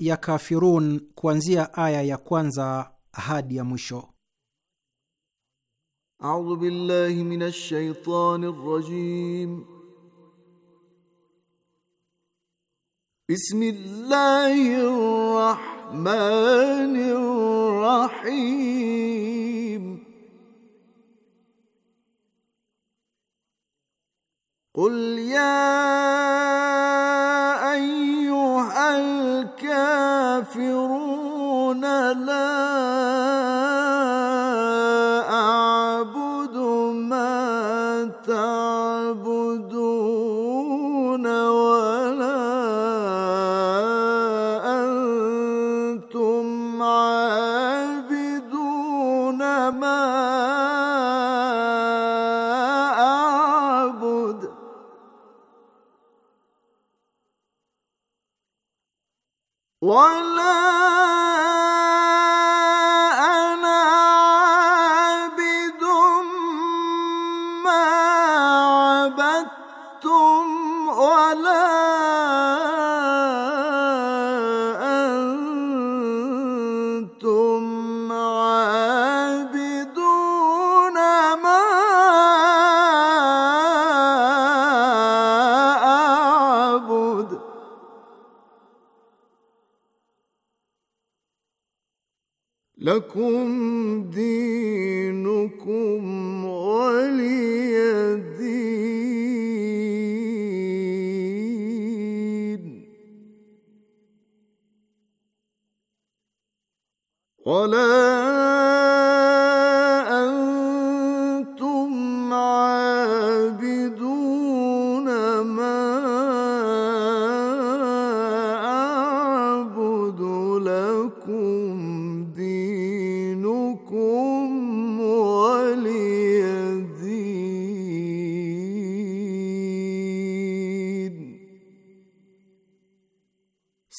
ya Kafirun kuanzia aya ya kwanza hadi ya mwisho. A'udhu billahi minash shaitani rajim. Bismillahir rahmanir rahim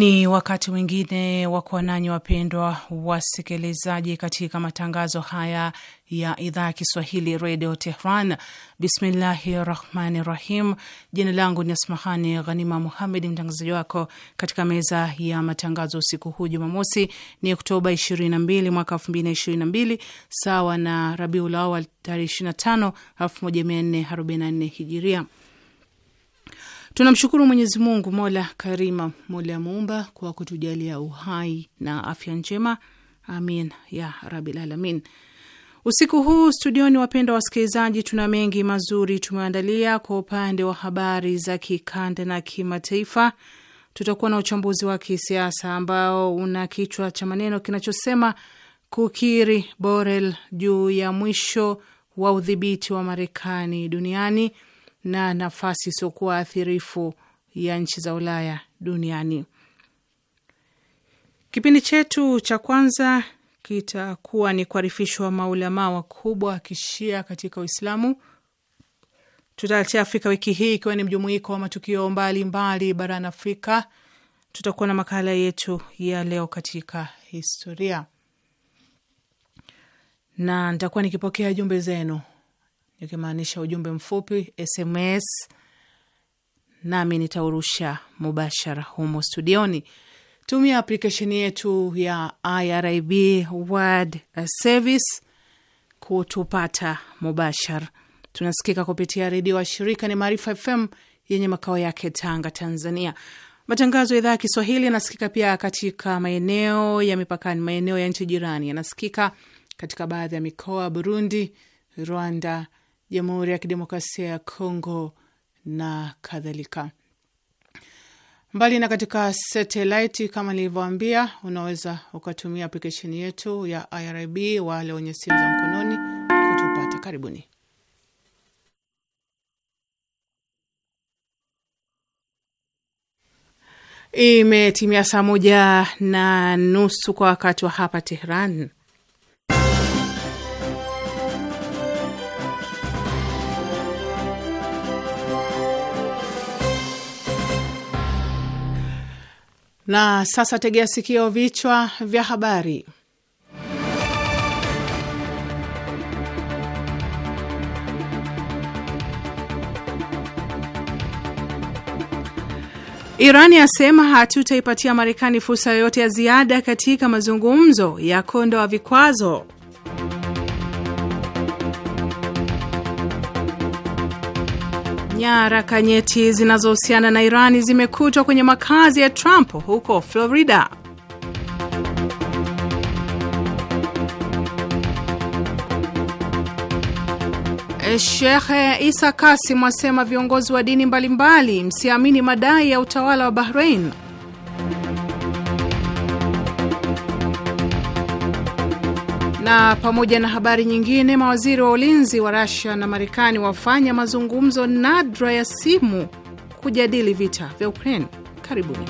Ni wakati mwingine wa kuwa nanyi wapendwa wasikilizaji, katika matangazo haya ya idhaa ya Kiswahili redio Tehran. Bismillahi rahmani rahim. Jina langu ni Asmahani Ghanima Muhamed, mtangazaji wako katika meza ya matangazo usiku huu Jumamosi ni Oktoba 22 mwaka 2022 sawa na Rabiul Awal tarehe 25 1444 hijiria. Tunamshukuru Mwenyezi Mungu mola karima, mola muumba kwa kutujalia uhai na afya njema, amin ya rabil alamin. Usiku huu studioni, wapenda wasikilizaji, tuna mengi mazuri tumeandalia. Kwa upande wa habari za kikanda na kimataifa, tutakuwa na uchambuzi wa kisiasa ambao una kichwa cha maneno kinachosema kukiri Borel juu ya mwisho wa udhibiti wa Marekani duniani na nafasi isiyokuwa athirifu ya nchi za Ulaya duniani. Kipindi chetu cha kwanza kitakuwa ni kuarifishwa maulamaa wakubwa wa kishia katika Uislamu. Tutaletea Afrika wiki hii ikiwa ni mjumuiko wa matukio mbalimbali barani Afrika. Tutakuwa na makala yetu ya leo katika historia, na nitakuwa nikipokea jumbe zenu nikimaanisha ujumbe mfupi SMS, nami nitaurusha mubashara humo studioni. Tumia aplikesheni yetu ya IRIB World Service kutupata mubashara. Tunasikika kupitia redio wa shirika ni Maarifa FM yenye makao yake Tanga, Tanzania. Matangazo ya idhaa ya Kiswahili yanasikika pia katika maeneo ya mipakani, maeneo ya nchi jirani, yanasikika katika baadhi ya mikoa Burundi, Rwanda, Jamhuri ya Kidemokrasia ya Kongo na kadhalika. Mbali na katika satelaiti, kama nilivyoambia, unaweza ukatumia aplikesheni yetu ya IRIB wale wenye simu za mkononi kutupata. Karibuni. Imetimia saa moja na nusu kwa wakati wa hapa Tehran Na sasa tegea sikio, vichwa vya habari. Iran yasema hatutaipatia Marekani fursa yoyote ya ziada katika mazungumzo ya kuondoa vikwazo. Nyaraka nyeti zinazohusiana na Irani zimekutwa kwenye makazi ya Trump huko Florida. Shekhe Isa Kasim asema viongozi wa dini mbalimbali msiamini madai ya utawala wa Bahrain. Na pamoja na habari nyingine, mawaziri wa ulinzi wa rasia na Marekani wafanya mazungumzo nadra ya simu kujadili vita vya Ukraine. Karibuni.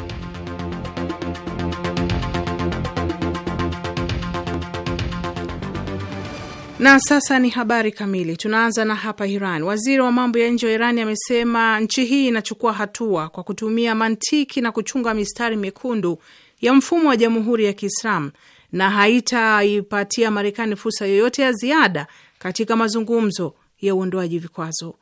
Na sasa ni habari kamili. Tunaanza na hapa Iran. Waziri wa mambo ya nje wa Iran amesema nchi hii inachukua hatua kwa kutumia mantiki na kuchunga mistari mekundu ya mfumo wa Jamhuri ya Kiislamu na haitaipatia Marekani fursa yoyote ya ziada katika mazungumzo ya uondoaji vikwazo.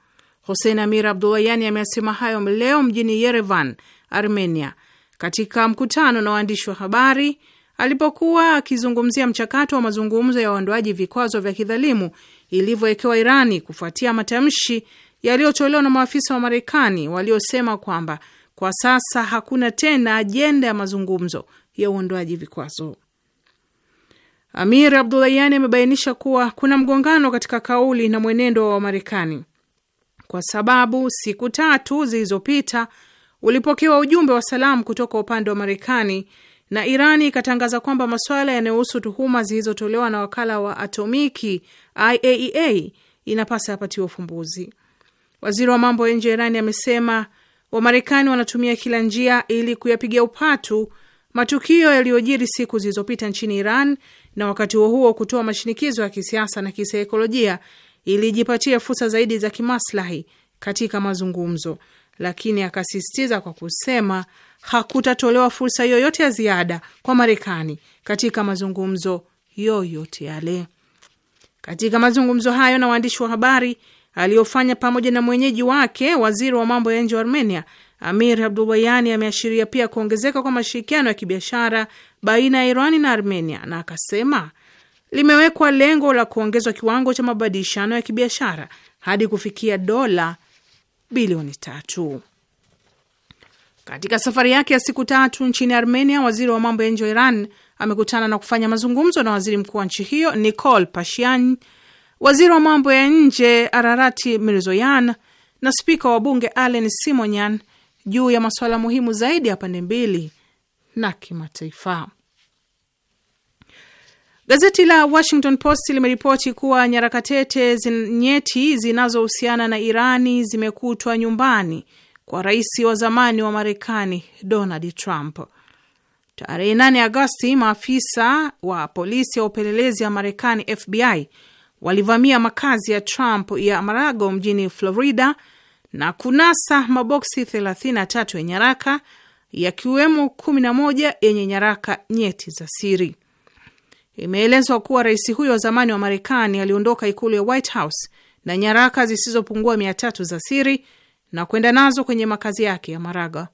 Hossein Amir Abdulayani amesema hayo leo mjini Yerevan, Armenia, katika mkutano na waandishi wa habari alipokuwa akizungumzia mchakato wa mazungumzo ya uondoaji vikwazo vya kidhalimu ilivyowekewa Irani kufuatia matamshi yaliyotolewa na maafisa wa Marekani waliosema kwamba kwa sasa hakuna tena ajenda ya mazungumzo ya uondoaji vikwazo. Amir Abdulayani amebainisha kuwa kuna mgongano katika kauli na mwenendo wa Marekani kwa sababu siku tatu zilizopita ulipokewa ujumbe wa salamu kutoka upande wa Marekani na Irani ikatangaza kwamba masuala yanayohusu tuhuma zilizotolewa na wakala wa atomiki IAEA e inapasa yapatiwa ufumbuzi. Waziri wa mambo ya nje ya Irani amesema Wamarekani wanatumia kila njia ili kuyapiga upatu matukio yaliyojiri siku zilizopita nchini Iran na wakati huo huo kutoa mashinikizo ya kisiasa na kisaikolojia ilijipatia fursa zaidi za kimaslahi katika mazungumzo, lakini akasisitiza kwa kusema hakutatolewa fursa yoyote ya ziada kwa Marekani katika mazungumzo yoyote yale. Katika mazungumzo hayo na waandishi wa habari aliyofanya pamoja na mwenyeji wake waziri wa mambo ya nje wa Armenia Amir abdulwayani ameashiria pia kuongezeka kwa mashirikiano ya kibiashara baina ya Irani na Armenia na akasema limewekwa lengo la kuongezwa kiwango cha mabadilishano ya kibiashara hadi kufikia dola bilioni tatu. Katika safari yake ya siku tatu nchini Armenia, waziri wa mambo ya nje wa Iran amekutana na kufanya mazungumzo na waziri mkuu wa nchi hiyo Nikol Pashinyan, waziri wa mambo ya nje Ararati Mirzoyan na spika wa bunge Alen Simonyan juu ya masuala muhimu zaidi ya pande mbili na kimataifa. Gazeti la Washington Post limeripoti kuwa nyaraka tete nyeti zinazohusiana na Irani zimekutwa nyumbani kwa rais wa zamani wa Marekani Donald Trump. Tarehe 8 Agosti, maafisa wa polisi ya upelelezi ya Marekani FBI walivamia makazi ya Trump ya Marago mjini Florida na kunasa maboksi 33 ya nyaraka yakiwemo 11 yenye nyaraka nyeti za siri. Imeelezwa kuwa rais huyo wa zamani wa Marekani aliondoka ikulu ya White House na nyaraka zisizopungua 300 za siri na kwenda nazo kwenye makazi yake ya Maraga.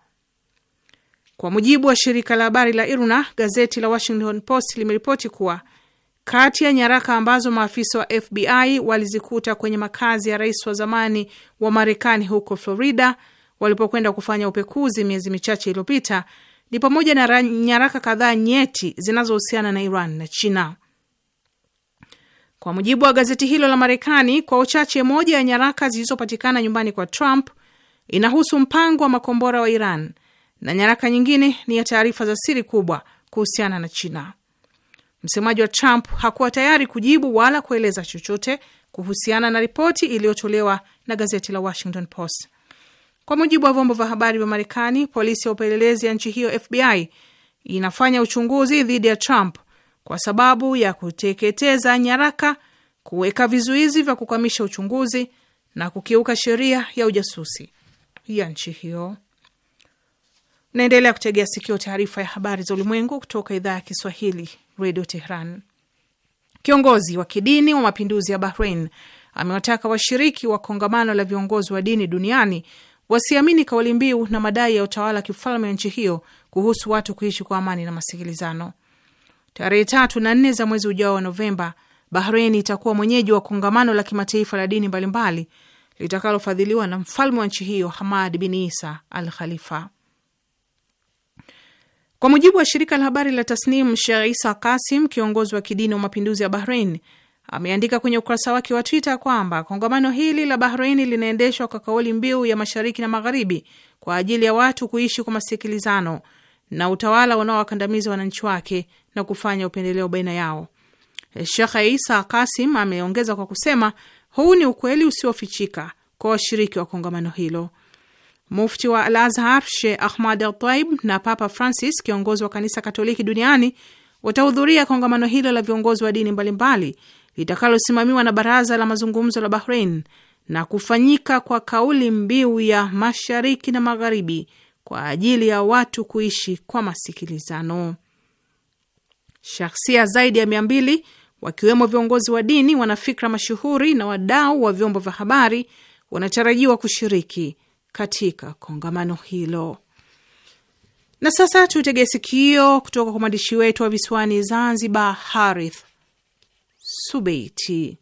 Kwa mujibu wa shirika la habari la IRNA, gazeti la Washington Post limeripoti kuwa kati ya nyaraka ambazo maafisa wa FBI walizikuta kwenye makazi ya rais wa zamani wa Marekani huko Florida walipokwenda kufanya upekuzi miezi michache iliyopita ni pamoja na nyaraka kadhaa nyeti zinazohusiana na Iran na China. Kwa mujibu wa gazeti hilo la Marekani, kwa uchache, moja ya nyaraka zilizopatikana nyumbani kwa Trump inahusu mpango wa makombora wa Iran na nyaraka nyingine ni ya taarifa za siri kubwa kuhusiana na China. Msemaji wa Trump hakuwa tayari kujibu wala kueleza chochote kuhusiana na ripoti iliyotolewa na gazeti la Washington Post. Kwa mujibu wa vyombo vya habari vya Marekani, polisi ya upelelezi ya nchi hiyo FBI inafanya uchunguzi dhidi ya Trump kwa sababu ya kuteketeza nyaraka, kuweka vizuizi vya kukwamisha uchunguzi na kukiuka sheria ya ujasusi ya nchi hiyo. Naendelea kutegea sikio taarifa ya habari za ulimwengu kutoka idhaa ya Kiswahili, Radio Tehran. Kiongozi wa kidini wa mapinduzi ya Bahrain amewataka washiriki wa kongamano la viongozi wa dini duniani wasiamini kauli mbiu na madai ya utawala wa kifalme wa nchi hiyo kuhusu watu kuishi kwa amani na masikilizano. Tarehe tatu na nne za mwezi ujao wa Novemba, Bahrain itakuwa mwenyeji wa kongamano la kimataifa la dini mbalimbali litakalofadhiliwa na mfalme wa nchi hiyo Hamad bin Isa al Khalifa. Kwa mujibu wa shirika la habari la Tasnim, Sheh Isa Kasim, kiongozi wa kidini wa mapinduzi ya Bahrain, ameandika kwenye ukurasa wake wa Twitter kwamba kongamano hili la Bahrain linaendeshwa kwa kauli mbiu ya mashariki na magharibi kwa ajili ya watu kuishi kwa masikilizano na utawala unaowakandamiza wananchi wake na kufanya upendeleo baina yao. Shekh Isa Kasim ameongeza kwa kusema, huu ni ukweli usiofichika kwa washiriki wa kongamano hilo. Mufti wa Al Azhar Sheikh Ahmad Al Taib na Papa Francis, kiongozi wa kanisa Katoliki duniani, watahudhuria kongamano hilo la viongozi wa dini mbalimbali litakalosimamiwa na Baraza la Mazungumzo la Bahrain na kufanyika kwa kauli mbiu ya mashariki na magharibi kwa ajili ya watu kuishi kwa masikilizano. Shahsia zaidi ya mia mbili wakiwemo viongozi wa dini, wanafikra mashuhuri na wadau wa vyombo vya habari wanatarajiwa kushiriki katika kongamano hilo. Na sasa tutege sikio kutoka kwa mwandishi wetu wa visiwani Zanzibar, Harith Subeiti.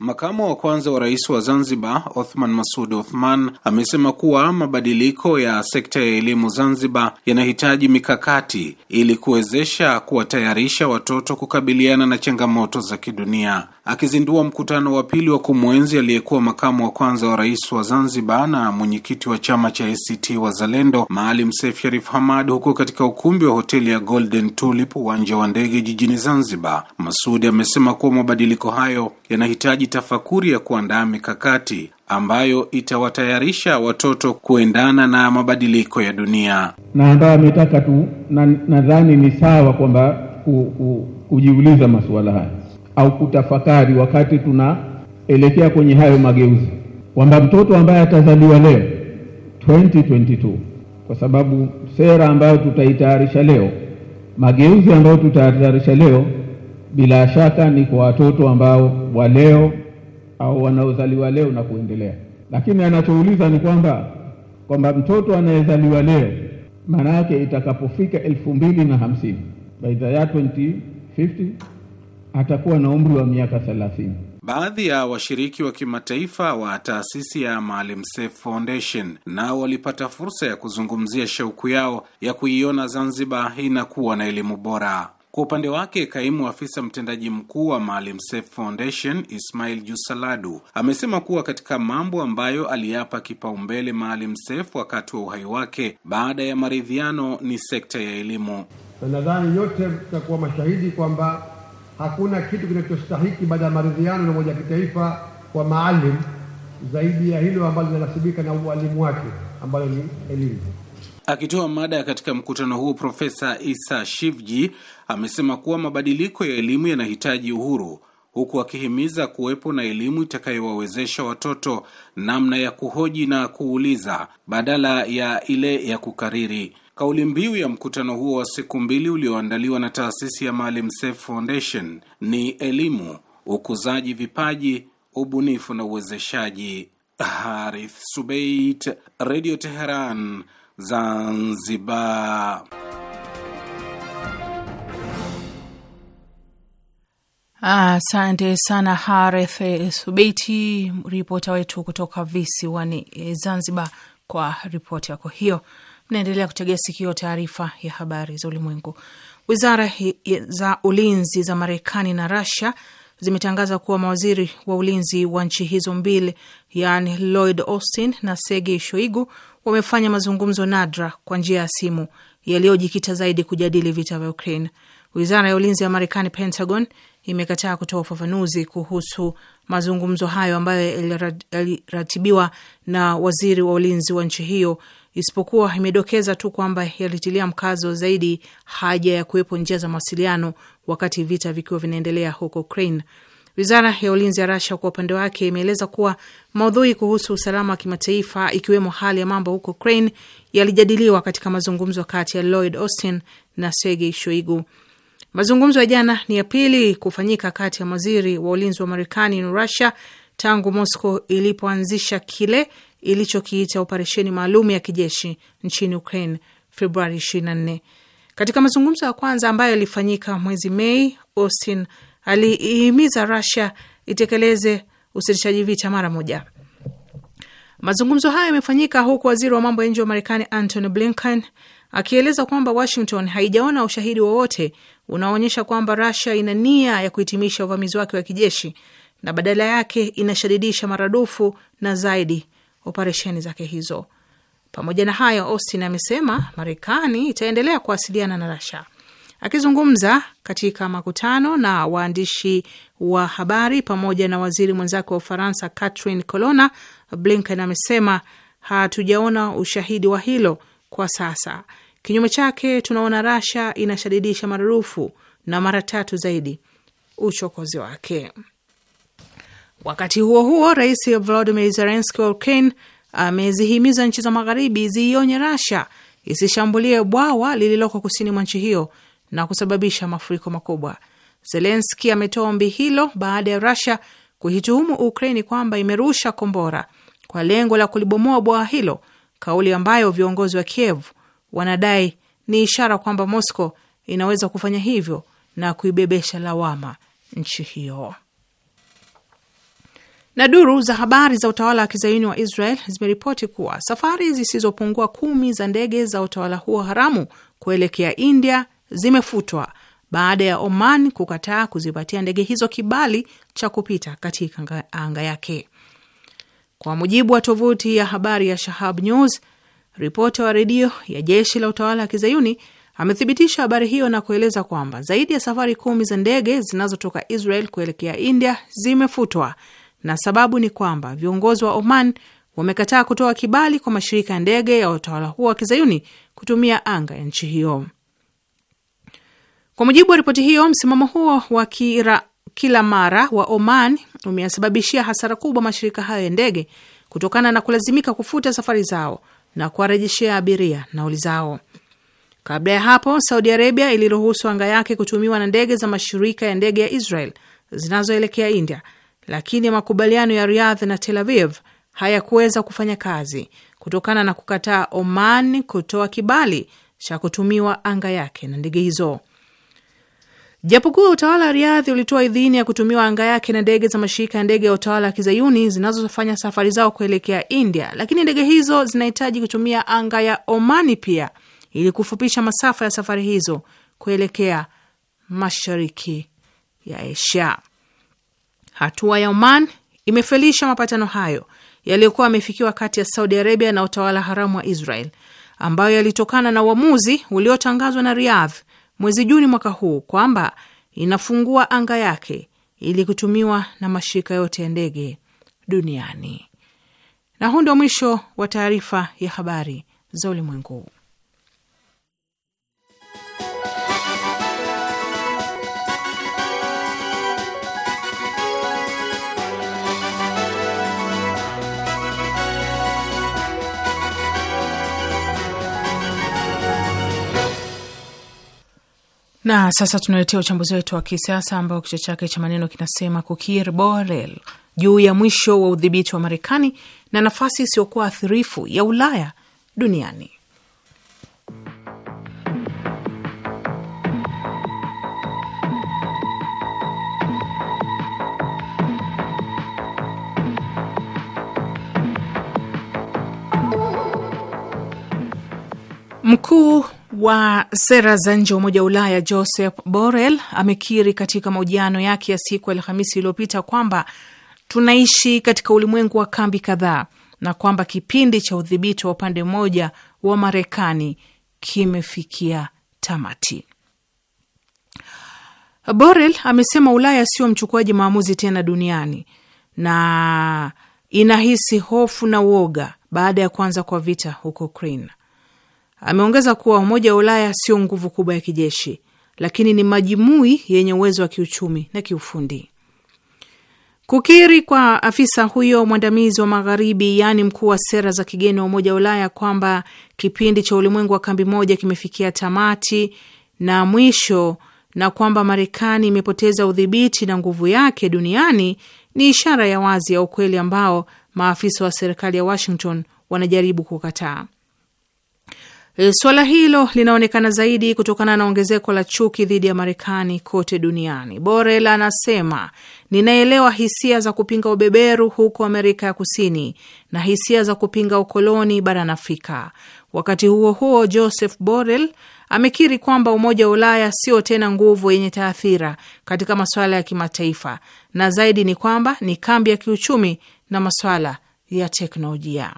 Makamu wa kwanza wa rais wa Zanzibar Othman Masud Othman amesema kuwa mabadiliko ya sekta ya elimu Zanzibar yanahitaji mikakati ili kuwezesha kuwatayarisha watoto kukabiliana na changamoto za kidunia. Akizindua mkutano wa pili wa kumwenzi aliyekuwa makamu wa kwanza wa rais wa Zanzibar na mwenyekiti wa chama cha ACT Wazalendo Maalim Seif Sharif Hamad huko katika ukumbi wa hoteli ya Golden Tulip, uwanja wa ndege jijini Zanzibar, Masudi amesema kuwa mabadiliko hayo yanahitaji tafakuri ya kuandaa mikakati ambayo itawatayarisha watoto kuendana na mabadiliko ya dunia, na ambayo ametaka tu, nadhani na ni sawa kwamba kujiuliza masuala haya au kutafakari wakati tunaelekea kwenye hayo mageuzi, kwamba mtoto ambaye atazaliwa leo 2022 kwa sababu sera ambayo tutaitayarisha leo, mageuzi ambayo tutayatayarisha leo, bila shaka ni kwa watoto ambao wa leo au wanaozaliwa leo na kuendelea. Lakini anachouliza ni kwamba kwamba mtoto anayezaliwa leo, maana yake itakapofika elfu mbili na hamsini by the year 2050 atakuwa na umri wa miaka thelathini. Baadhi ya washiriki wa kimataifa wa taasisi ya Maalim Seif Foundation nao walipata fursa ya kuzungumzia shauku yao ya kuiona Zanzibar inakuwa na elimu bora. Kwa upande wake kaimu afisa mtendaji mkuu wa Maalim Seif Foundation Ismail Jusaladu amesema kuwa katika mambo ambayo aliyapa kipaumbele Maalim Seif wakati wa uhai wake baada ya maridhiano ni sekta ya elimu, na nadhani yote tutakuwa mashahidi kwamba hakuna kitu kinachostahiki baada ya maridhiano na umoja wa kitaifa kwa Maalim zaidi ya hilo ambalo linanasibika na ualimu wake ambalo ni elimu. Akitoa mada katika mkutano huo, Profesa Isa Shivji amesema kuwa mabadiliko ya elimu yanahitaji uhuru, huku akihimiza kuwepo na elimu itakayowawezesha watoto namna ya kuhoji na kuuliza badala ya ile ya kukariri. Kauli mbiu ya mkutano huo wa siku mbili ulioandaliwa na taasisi ya Maalim Seif Foundation ni elimu, ukuzaji vipaji, ubunifu na uwezeshaji. Harith Subeit, Radio Teheran. Zanzibar. Asante ah, sana Hareth Subeti, ripota wetu kutoka visiwani e, Zanzibar, kwa ripoti yako hiyo. Mnaendelea kutegea sikio taarifa ya habari za ulimwengu. Wizara za ulinzi za Marekani na Rasia zimetangaza kuwa mawaziri wa ulinzi wa nchi hizo mbili, yaani Lloyd Austin na Sergey Shoigu wamefanya mazungumzo nadra kwa njia ya simu yaliyojikita zaidi kujadili vita vya Ukraine. Wizara ya ulinzi ya Marekani, Pentagon, imekataa kutoa ufafanuzi kuhusu mazungumzo hayo ambayo yaliratibiwa na waziri wa ulinzi wa nchi hiyo, isipokuwa imedokeza tu kwamba yalitilia mkazo zaidi haja ya kuwepo njia za mawasiliano wakati vita vikiwa vinaendelea huko Ukraine. Wizara ya ulinzi ya Rasha kwa upande wake imeeleza kuwa maudhui kuhusu usalama wa kimataifa ikiwemo hali ya mambo huko Ukraine yalijadiliwa katika mazungumzo kati ya Lloyd Austin na Sergei Shoigu. Mazungumzo ya jana ni ya pili kufanyika kati ya waziri wa ulinzi wa Marekani na Rusia tangu Moscow ilipoanzisha kile ilichokiita operesheni maalum ya kijeshi nchini Ukraine Februari 24. Katika mazungumzo ya kwanza ambayo yalifanyika mwezi Mei, Austin aliihimiza Russia itekeleze usitishaji vita mara moja. Mazungumzo hayo yamefanyika huku waziri wa mambo ya nje wa Marekani Antony Blinken akieleza kwamba Washington haijaona ushahidi wowote unaoonyesha kwamba rasia ina nia ya kuhitimisha uvamizi wake wa kijeshi na badala yake inashadidisha maradufu na zaidi operesheni zake hizo. Pamoja na hayo, Austin amesema Marekani itaendelea kuwasiliana na Russia Akizungumza katika makutano na waandishi wa habari pamoja na waziri mwenzake wa Ufaransa Catherine Colonna, Blinken amesema hatujaona ushahidi wa hilo kwa sasa. Kinyume chake, tunaona Rasha inashadidisha marufuku na mara tatu zaidi uchokozi wake. Wakati huo huo, rais Volodimir Zelenski wa Ukraine amezihimiza nchi za magharibi ziionye Rasha isishambulie bwawa lililoko kusini mwa nchi hiyo na kusababisha mafuriko makubwa. Zelenski ametoa ombi hilo baada ya Rusia kuituhumu Ukraini kwamba imerusha kombora kwa lengo la kulibomoa bwawa hilo, kauli ambayo viongozi wa Kiev wanadai ni ishara kwamba Moscow inaweza kufanya hivyo na kuibebesha lawama nchi hiyo. Na duru za habari za utawala wa kizayuni wa Israel zimeripoti kuwa safari zisizopungua kumi za ndege za utawala huo haramu kuelekea India zimefutwa baada ya Oman kukataa kuzipatia ndege hizo kibali cha kupita katika anga yake. Kwa mujibu wa tovuti ya habari ya Shahab News, ripota wa redio ya jeshi la utawala wa kizayuni amethibitisha habari hiyo na kueleza kwamba zaidi ya safari kumi za ndege zinazotoka Israel kuelekea India zimefutwa na sababu ni kwamba viongozi wa Oman wamekataa kutoa kibali kwa mashirika ya ndege ya utawala huo wa kizayuni kutumia anga ya nchi hiyo. Kwa mujibu wa ripoti hiyo, msimamo huo wa kira, kila mara wa Oman umeyasababishia hasara kubwa mashirika hayo ya ndege kutokana na kulazimika kufuta safari zao na kuwarejeshea abiria nauli zao. Kabla ya hapo, Saudi Arabia iliruhusu anga yake kutumiwa na ndege za mashirika ya ndege ya Israel zinazoelekea India, lakini makubaliano ya Riyadh na Tel Aviv hayakuweza kufanya kazi kutokana na kukataa Oman kutoa kibali cha kutumiwa anga yake na ndege hizo. Japokuwa utawala wa Riadhi ulitoa idhini ya kutumiwa anga yake na ndege za mashirika ya ndege ya utawala wa kizayuni zinazofanya safari zao kuelekea India, lakini ndege hizo zinahitaji kutumia anga ya Omani pia ili kufupisha masafa ya safari hizo kuelekea mashariki ya Asia. Hatua ya Oman imefelisha mapatano hayo yaliyokuwa yamefikiwa kati ya Saudi Arabia na utawala haramu wa Israel ambayo yalitokana na uamuzi uliotangazwa na Riyadh mwezi Juni mwaka huu kwamba inafungua anga yake ili kutumiwa na mashirika yote ya ndege duniani. Na huu ndio mwisho wa taarifa ya habari za ulimwengu. Na sasa tunaletea uchambuzi wetu wa kisiasa ambao kichwa chake cha maneno kinasema kukir Borel juu ya mwisho wa udhibiti wa Marekani na nafasi isiyokuwa athirifu ya Ulaya duniani. Mkuu wa sera za nje wa Umoja wa Ulaya Joseph Borrell amekiri katika mahojiano yake ya siku ya Alhamisi iliyopita kwamba tunaishi katika ulimwengu wa kambi kadhaa na kwamba kipindi cha udhibiti wa upande mmoja wa Marekani kimefikia tamati. Borrell amesema Ulaya sio mchukuaji maamuzi tena duniani na inahisi hofu na uoga baada ya kuanza kwa vita huko Ukraine. Ameongeza kuwa Umoja wa Ulaya sio nguvu kubwa ya kijeshi, lakini ni majimui yenye uwezo wa kiuchumi na kiufundi. Kukiri kwa afisa huyo mwandamizi wa Magharibi, yaani mkuu wa sera za kigeni wa Umoja wa Ulaya, kwamba kipindi cha ulimwengu wa kambi moja kimefikia tamati na mwisho na kwamba Marekani imepoteza udhibiti na nguvu yake duniani ni ishara ya wazi ya ukweli ambao maafisa wa serikali ya Washington wanajaribu kukataa. E, swala hilo linaonekana zaidi kutokana na ongezeko la chuki dhidi ya Marekani kote duniani. Borel anasema, ninaelewa hisia za kupinga ubeberu huko Amerika ya Kusini na hisia za kupinga ukoloni barani Afrika. Wakati huo huo, Joseph Borel amekiri kwamba Umoja wa Ulaya sio tena nguvu yenye taathira katika masuala ya kimataifa, na zaidi ni kwamba ni kambi ya kiuchumi na masuala ya teknolojia.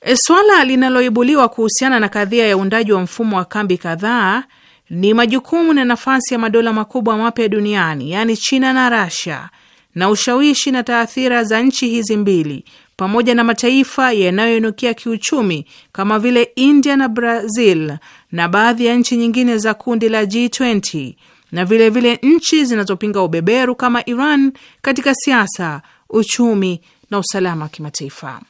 E, swala linaloibuliwa kuhusiana na kadhia ya uundaji wa mfumo wa kambi kadhaa ni majukumu na nafasi ya madola makubwa mapya duniani, yaani China na Rasia, na ushawishi na taathira za nchi hizi mbili pamoja na mataifa yanayoinukia kiuchumi kama vile India na Brazil na baadhi ya nchi nyingine za kundi la G20 na vilevile vile nchi zinazopinga ubeberu kama Iran katika siasa, uchumi na usalama wa kimataifa.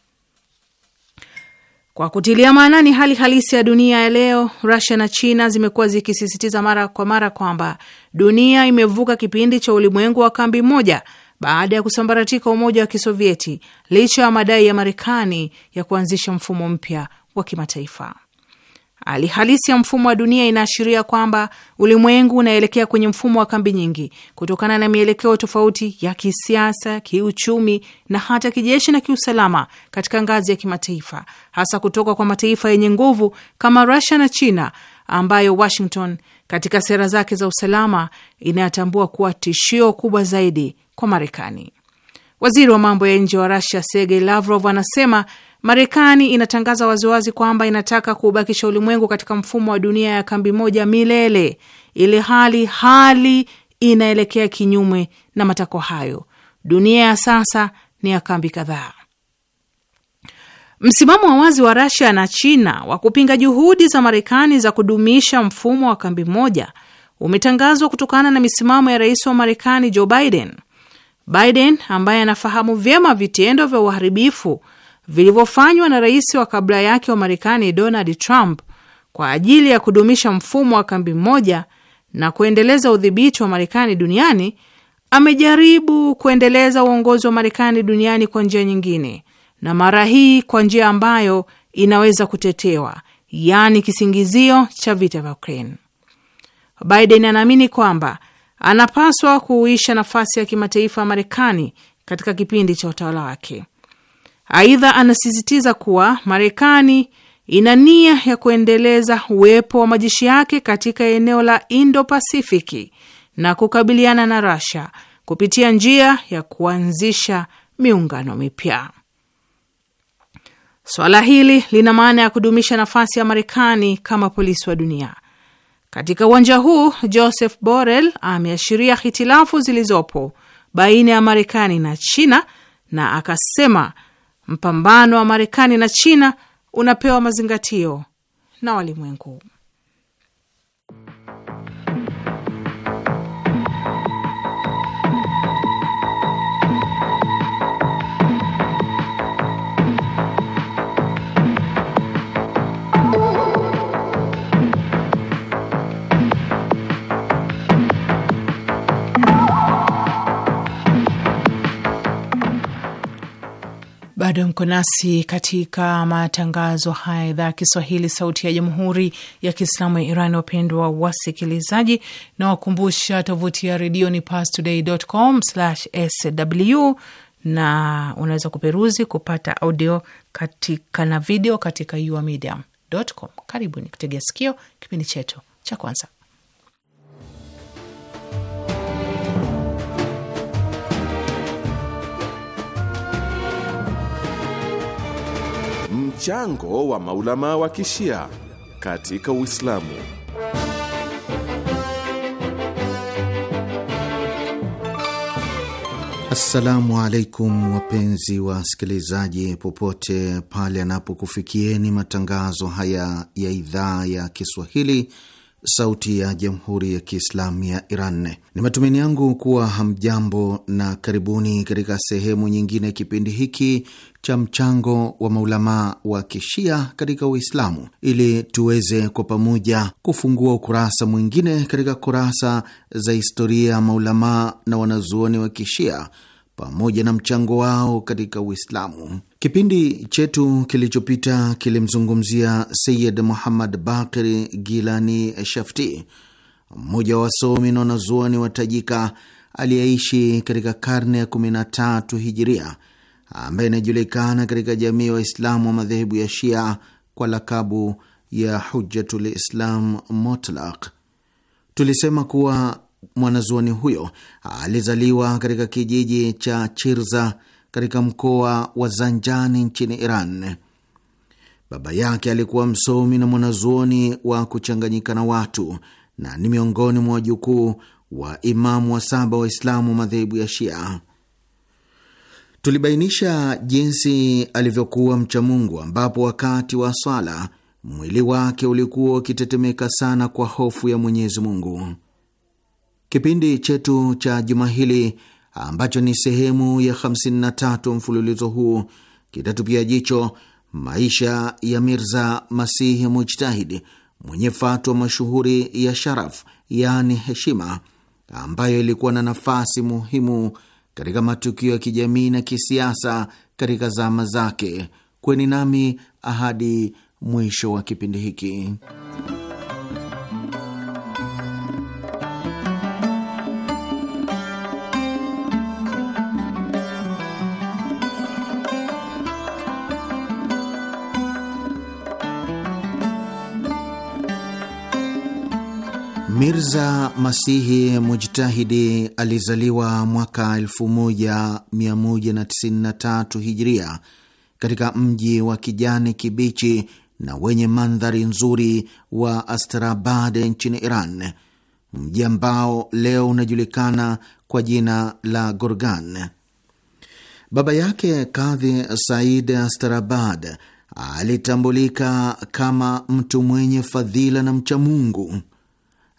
Kwa kutilia maanani hali halisi ya dunia ya leo, Rusia na China zimekuwa zikisisitiza mara kwa mara kwamba dunia imevuka kipindi cha ulimwengu wa kambi moja baada ya kusambaratika Umoja wa Kisovieti, licha ya madai ya Marekani ya kuanzisha mfumo mpya wa kimataifa. Hali halisi ya mfumo wa dunia inaashiria kwamba ulimwengu unaelekea kwenye mfumo wa kambi nyingi kutokana na mielekeo tofauti ya kisiasa, kiuchumi na hata kijeshi na kiusalama katika ngazi ya kimataifa, hasa kutoka kwa mataifa yenye nguvu kama Rusia na China ambayo Washington katika sera zake za usalama inayatambua kuwa tishio kubwa zaidi kwa Marekani. Waziri wa mambo ya nje wa Rusia Sergei Lavrov anasema Marekani inatangaza waziwazi kwamba inataka kuubakisha ulimwengu katika mfumo wa dunia ya kambi moja milele, ili hali hali inaelekea kinyume na matakwa hayo. Dunia ya sasa ni ya kambi kadhaa. Msimamo wa wazi wa Rasia na China wa kupinga juhudi za Marekani za kudumisha mfumo wa kambi moja umetangazwa kutokana na misimamo ya rais wa Marekani Joe Biden. Biden ambaye anafahamu vyema vitendo vya uharibifu vilivyofanywa na rais wa kabla yake wa Marekani Donald Trump kwa ajili ya kudumisha mfumo wa kambi moja na kuendeleza udhibiti wa Marekani duniani, amejaribu kuendeleza uongozi wa Marekani duniani kwa njia nyingine, na mara hii kwa njia ambayo inaweza kutetewa, yaani kisingizio cha vita vya Ukraine. Biden anaamini kwamba anapaswa kuuisha nafasi ya kimataifa ya Marekani katika kipindi cha utawala wake. Aidha, anasisitiza kuwa Marekani ina nia ya kuendeleza uwepo wa majeshi yake katika eneo la Indo-Pasifiki na kukabiliana na Russia kupitia njia ya kuanzisha miungano mipya. Swala hili lina maana ya kudumisha nafasi ya Marekani kama polisi wa dunia. Katika uwanja huu, Joseph Borrell ameashiria hitilafu zilizopo baina ya Marekani na China na akasema Mpambano wa Marekani na China unapewa mazingatio na walimwengu. Bado mko nasi katika matangazo haya idhaa ya Kiswahili, sauti ya jamhuri ya kiislamu ya Iran. Wapendwa wasikilizaji, na wakumbusha tovuti ya redio ni pastoday.com/sw, na unaweza kuperuzi kupata audio katika na video katika uamedia.com. Karibuni kutegea sikio kipindi chetu cha kwanza. mchango wa maulama wa kishia katika Uislamu. Assalamu alaikum wapenzi wa wasikilizaji, popote pale anapokufikieni matangazo haya ya idhaa ya Kiswahili Sauti ya Jamhuri ya Kiislamu ya Iran. Ni matumaini yangu kuwa hamjambo na karibuni katika sehemu nyingine ya kipindi hiki cha mchango wa maulamaa wa kishia katika Uislamu, ili tuweze kwa pamoja kufungua ukurasa mwingine katika kurasa za historia ya maulamaa na wanazuoni wa kishia pamoja na mchango wao katika Uislamu. Kipindi chetu kilichopita kilimzungumzia Sayid Muhammad Bakir Gilani Shafti, mmoja wa wasomi na wanazuoni watajika aliyeishi katika karne ya 13 Hijiria, ambaye inajulikana katika jamii ya Waislamu wa madhehebu ya Shia kwa lakabu ya Hujjatul Islam Motlak. Tulisema kuwa Mwanazuoni huyo alizaliwa katika kijiji cha Chirza katika mkoa wa Zanjani nchini Iran. Baba yake alikuwa msomi na mwanazuoni wa kuchanganyika na watu na ni miongoni mwa wajukuu wa imamu wa saba Waislamu Islamu madhehebu ya Shia. Tulibainisha jinsi alivyokuwa mchamungu, ambapo wakati wa swala mwili wake ulikuwa ukitetemeka sana kwa hofu ya Mwenyezi Mungu. Kipindi chetu cha juma hili ambacho ni sehemu ya 53 mfululizo huu kitatupia jicho maisha ya Mirza Masihi Mujtahidi mwenye fatwa mashuhuri ya Sharaf, yaani heshima, ambayo ilikuwa na nafasi muhimu katika matukio ya kijamii na kisiasa katika zama zake. Kweni nami ahadi mwisho wa kipindi hiki. Mirza Masihi Mujtahidi alizaliwa mwaka 1193 Hijria katika mji wa kijani kibichi na wenye mandhari nzuri wa astrabad nchini Iran, mji ambao leo unajulikana kwa jina la Gorgan. Baba yake Kadhi Said astarabad alitambulika kama mtu mwenye fadhila na mchamungu.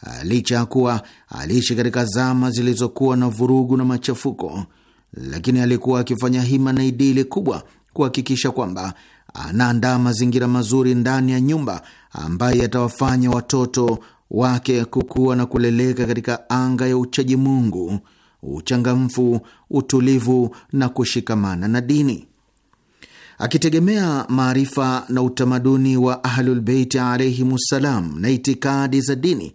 Ah, licha ya kuwa aliishi katika zama zilizokuwa na vurugu na machafuko, lakini alikuwa akifanya hima na idili kubwa kuhakikisha kwamba anaandaa mazingira mazuri ndani ya nyumba ambayo yatawafanya watoto wake kukua na kuleleka katika anga ya uchaji Mungu, uchangamfu, utulivu na kushikamana na dini, akitegemea maarifa na utamaduni wa Ahlulbeiti alaihimussalam na itikadi za dini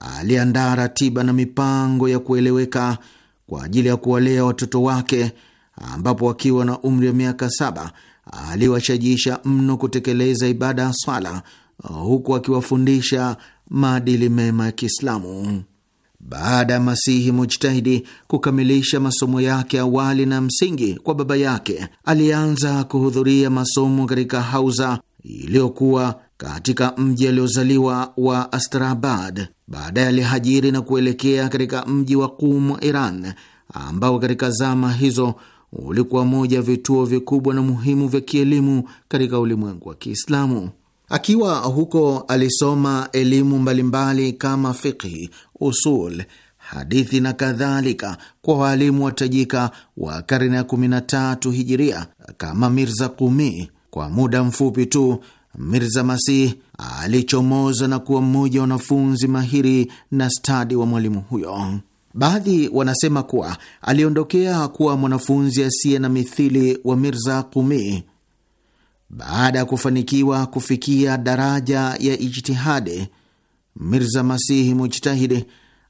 aliandaa ratiba na mipango ya kueleweka kwa ajili ya kuwalea watoto wake, ambapo akiwa na umri wa miaka saba aliwashajiisha mno kutekeleza ibada ya swala, huku akiwafundisha maadili mema ya Kiislamu. Baada ya Masihi mujtahidi kukamilisha masomo yake awali na msingi kwa baba yake, alianza kuhudhuria masomo katika hauza iliyokuwa katika mji aliozaliwa wa Astrabad. Baadaye alihajiri na kuelekea katika mji wa Qum, Iran, ambao katika zama hizo ulikuwa moja vituo vikubwa na muhimu vya kielimu katika ulimwengu wa Kiislamu. Akiwa huko alisoma elimu mbalimbali kama fiqhi, usul, hadithi na kadhalika kwa waalimu watajika wa karne ya 13 hijiria kama Mirza Kumi. Kwa muda mfupi tu Mirza Masih alichomoza na kuwa mmoja wa wanafunzi mahiri na stadi wa mwalimu huyo. Baadhi wanasema kuwa aliondokea kuwa mwanafunzi asiye na mithili wa Mirza Qumi. Baada ya kufanikiwa kufikia daraja ya ijtihadi, Mirza Masihi Mujtahidi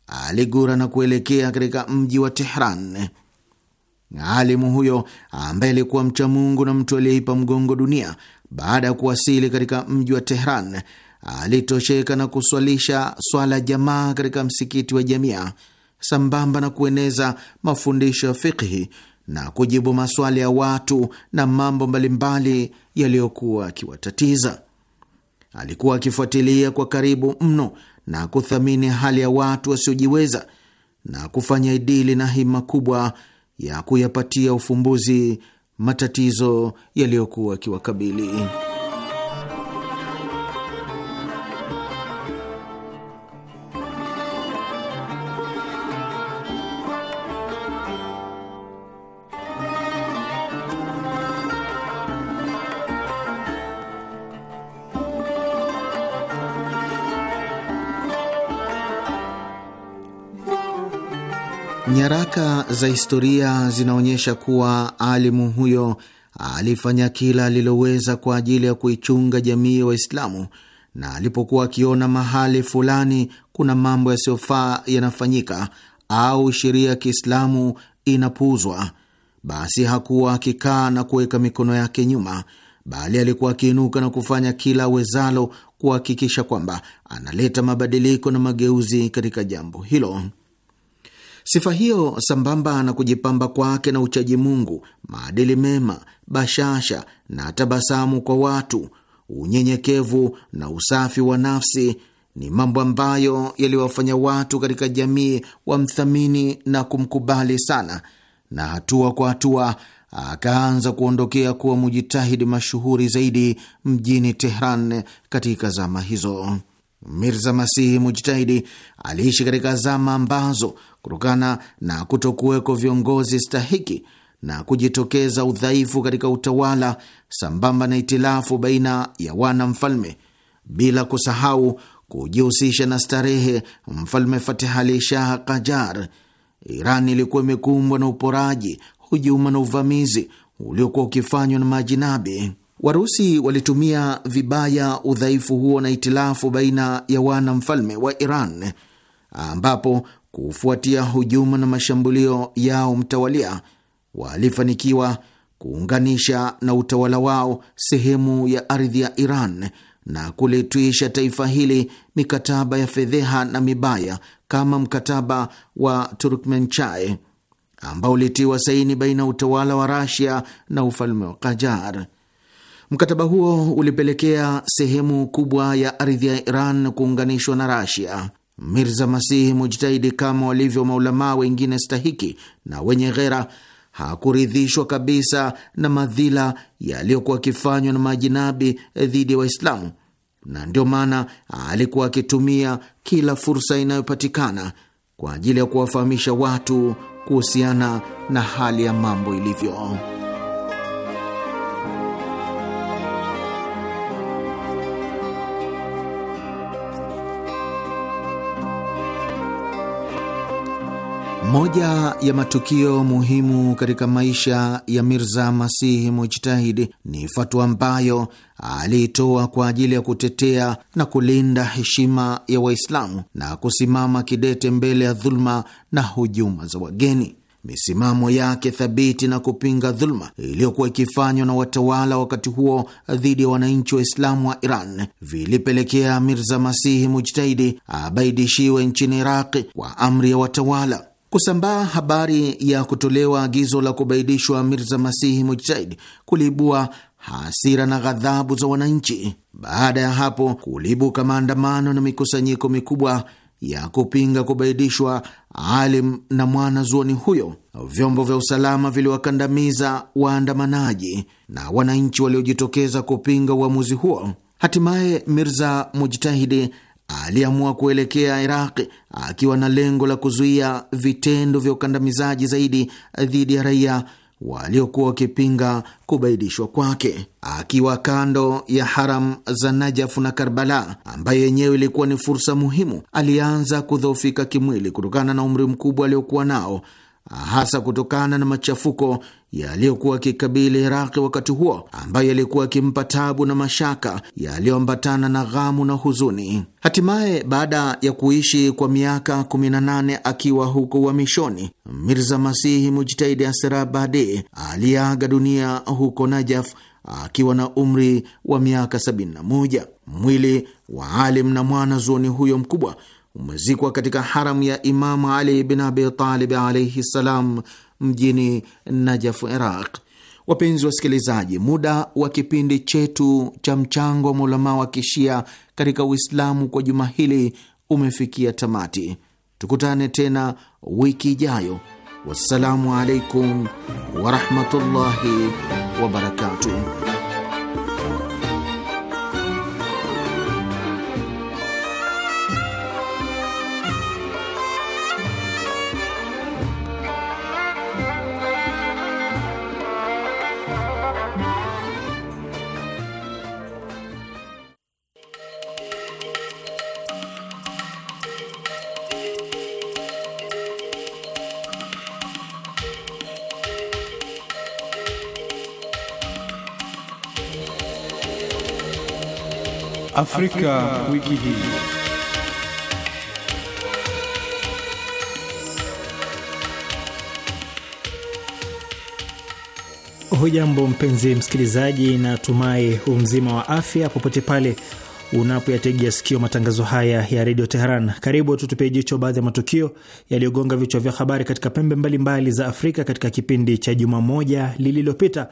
aligura na kuelekea katika mji wa Tehran. Alimu huyo ambaye alikuwa mcha Mungu na mtu aliyeipa mgongo dunia baada ya kuwasili katika mji wa Tehran alitosheka na kuswalisha swala jamaa katika msikiti wa Jamia sambamba na kueneza mafundisho ya fikhi na kujibu maswali ya watu na mambo mbalimbali yaliyokuwa akiwatatiza. Alikuwa akifuatilia kwa karibu mno na kuthamini hali ya watu wasiojiweza na kufanya idili na hima kubwa ya kuyapatia ufumbuzi matatizo yaliyokuwa akiwakabili. za historia zinaonyesha kuwa alimu huyo alifanya kila aliloweza kwa ajili ya kuichunga jamii ya Waislamu, na alipokuwa akiona mahali fulani kuna mambo yasiyofaa yanafanyika au sheria ya Kiislamu inapuuzwa, basi hakuwa akikaa na kuweka mikono yake nyuma, bali alikuwa akiinuka na kufanya kila wezalo kuhakikisha kwamba analeta mabadiliko na mageuzi katika jambo hilo. Sifa hiyo sambamba na kujipamba kwake na uchaji Mungu, maadili mema, bashasha na tabasamu kwa watu, unyenyekevu na usafi wa nafsi ni mambo ambayo yaliwafanya watu katika jamii wamthamini na kumkubali sana, na hatua kwa hatua akaanza kuondokea kuwa mujitahidi mashuhuri zaidi mjini Tehran katika zama hizo. Mirza Masihi mujitahidi aliishi katika zama ambazo kutokana na kutokuweko viongozi stahiki na kujitokeza udhaifu katika utawala sambamba na itilafu baina ya wana mfalme, bila kusahau kujihusisha na starehe mfalme Fatih Shah Kajar. Iran ilikuwa imekumbwa na uporaji, hujuma na uvamizi uliokuwa ukifanywa na majinabi. Warusi walitumia vibaya udhaifu huo na itilafu baina ya wana mfalme wa Iran ambapo kufuatia hujuma na mashambulio yao mtawalia, walifanikiwa kuunganisha na utawala wao sehemu ya ardhi ya Iran na kulitwisha taifa hili mikataba ya fedheha na mibaya kama mkataba wa Turkmenchai ambao ulitiwa saini baina ya utawala wa Rasia na ufalme wa Kajar. Mkataba huo ulipelekea sehemu kubwa ya ardhi ya Iran kuunganishwa na Rasia. Mirza Masihi mujtahidi kama walivyo maulamaa wengine stahiki na wenye ghera hakuridhishwa kabisa na madhila yaliyokuwa akifanywa na majinabi dhidi ya Waislamu, na ndio maana alikuwa akitumia kila fursa inayopatikana kwa ajili ya kuwafahamisha watu kuhusiana na hali ya mambo ilivyo. Moja ya matukio muhimu katika maisha ya Mirza Masihi Mujtahidi ni fatwa ambayo aliitoa kwa ajili ya kutetea na kulinda heshima ya Waislamu na kusimama kidete mbele ya dhuluma na hujuma za wageni. Misimamo yake thabiti na kupinga dhuluma iliyokuwa ikifanywa na watawala wakati huo dhidi ya wananchi Waislamu wa Iran vilipelekea Mirza Masihi Mujtahidi abaidishiwe nchini Iraqi kwa amri ya watawala. Kusambaa habari ya kutolewa agizo la kubaidishwa Mirza Masihi Mujtahid kuliibua hasira na ghadhabu za wananchi. Baada ya hapo, kuliibuka maandamano na mikusanyiko mikubwa ya kupinga kubaidishwa alim na mwana zuoni huyo. Vyombo vya usalama viliwakandamiza waandamanaji na wananchi waliojitokeza kupinga uamuzi huo. Hatimaye Mirza Mujtahidi aliamua kuelekea Iraqi akiwa na lengo la kuzuia vitendo vya ukandamizaji zaidi dhidi ya raia waliokuwa wakipinga kubaidishwa kwake. Akiwa kando ya haram za Najafu na Karbala, ambayo yenyewe ilikuwa ni fursa muhimu, alianza kudhoofika kimwili kutokana na umri mkubwa aliokuwa nao hasa kutokana na machafuko yaliyokuwa akikabili Iraqi wakati huo, ambayo yalikuwa yakimpa tabu na mashaka yaliyoambatana na ghamu na huzuni. Hatimaye, baada ya kuishi kwa miaka 18 akiwa huko uhamishoni, Mirza Masihi Mujtahidi Aserabadi aliyeaga dunia huko Najaf akiwa na umri wa miaka 71. Mwili wa alim na mwana zuoni huyo mkubwa umezikwa katika haramu ya Imamu Ali bin Abi Talib alaihi ssalam mjini Najafu, Iraq. Wapenzi wasikilizaji, muda wa kipindi chetu cha mchango wa maulamaa wa kishia katika Uislamu kwa juma hili umefikia tamati. Tukutane tena wiki ijayo. Wassalamu alaikum warahmatullahi wabarakatuh. Afrika, wiki hii. Hujambo mpenzi msikilizaji, na tumai umzima wa afya popote pale unapoyategea sikio matangazo haya ya redio Teheran. Karibu tutupie jicho baadhi ya matukio yaliyogonga vichwa vya habari katika pembe mbalimbali mbali za Afrika katika kipindi cha juma moja lililopita.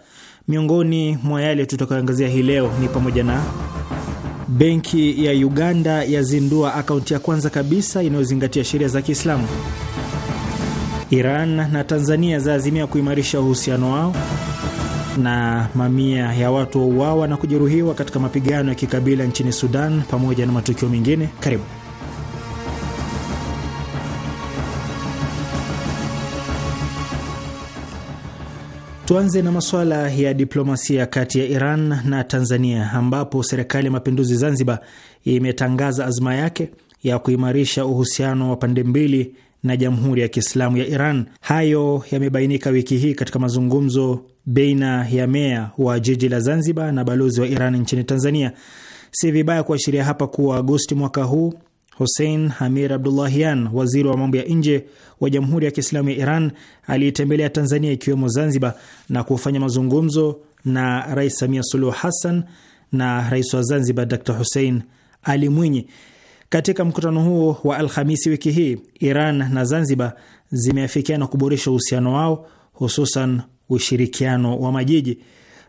Miongoni mwa yale tutakayoangazia hii leo ni pamoja na Benki ya Uganda yazindua akaunti ya kwanza kabisa inayozingatia sheria za Kiislamu. Iran na Tanzania zaazimia kuimarisha uhusiano wao. Na mamia ya watu wauawa na kujeruhiwa katika mapigano ya kikabila nchini Sudan, pamoja na matukio mengine. Karibu. Tuanze na masuala ya diplomasia kati ya Iran na Tanzania, ambapo serikali ya mapinduzi Zanzibar imetangaza azma yake ya kuimarisha uhusiano wa pande mbili na Jamhuri ya Kiislamu ya Iran. Hayo yamebainika wiki hii katika mazungumzo baina ya meya wa jiji la Zanzibar na balozi wa Iran nchini Tanzania. Si vibaya kuashiria hapa kuwa Agosti mwaka huu Hussein Hamir Abdullahian, waziri wa mambo ya nje wa Jamhuri ya Kiislamu ya Iran, aliitembelea Tanzania ikiwemo Zanzibar na kufanya mazungumzo na Rais Samia Suluhu Hassan na rais wa Zanzibar Dr Hussein Ali Mwinyi. Katika mkutano huo wa Alhamisi wiki hii, Iran na Zanzibar zimeafikiana kuboresha uhusiano wao, hususan ushirikiano wa majiji.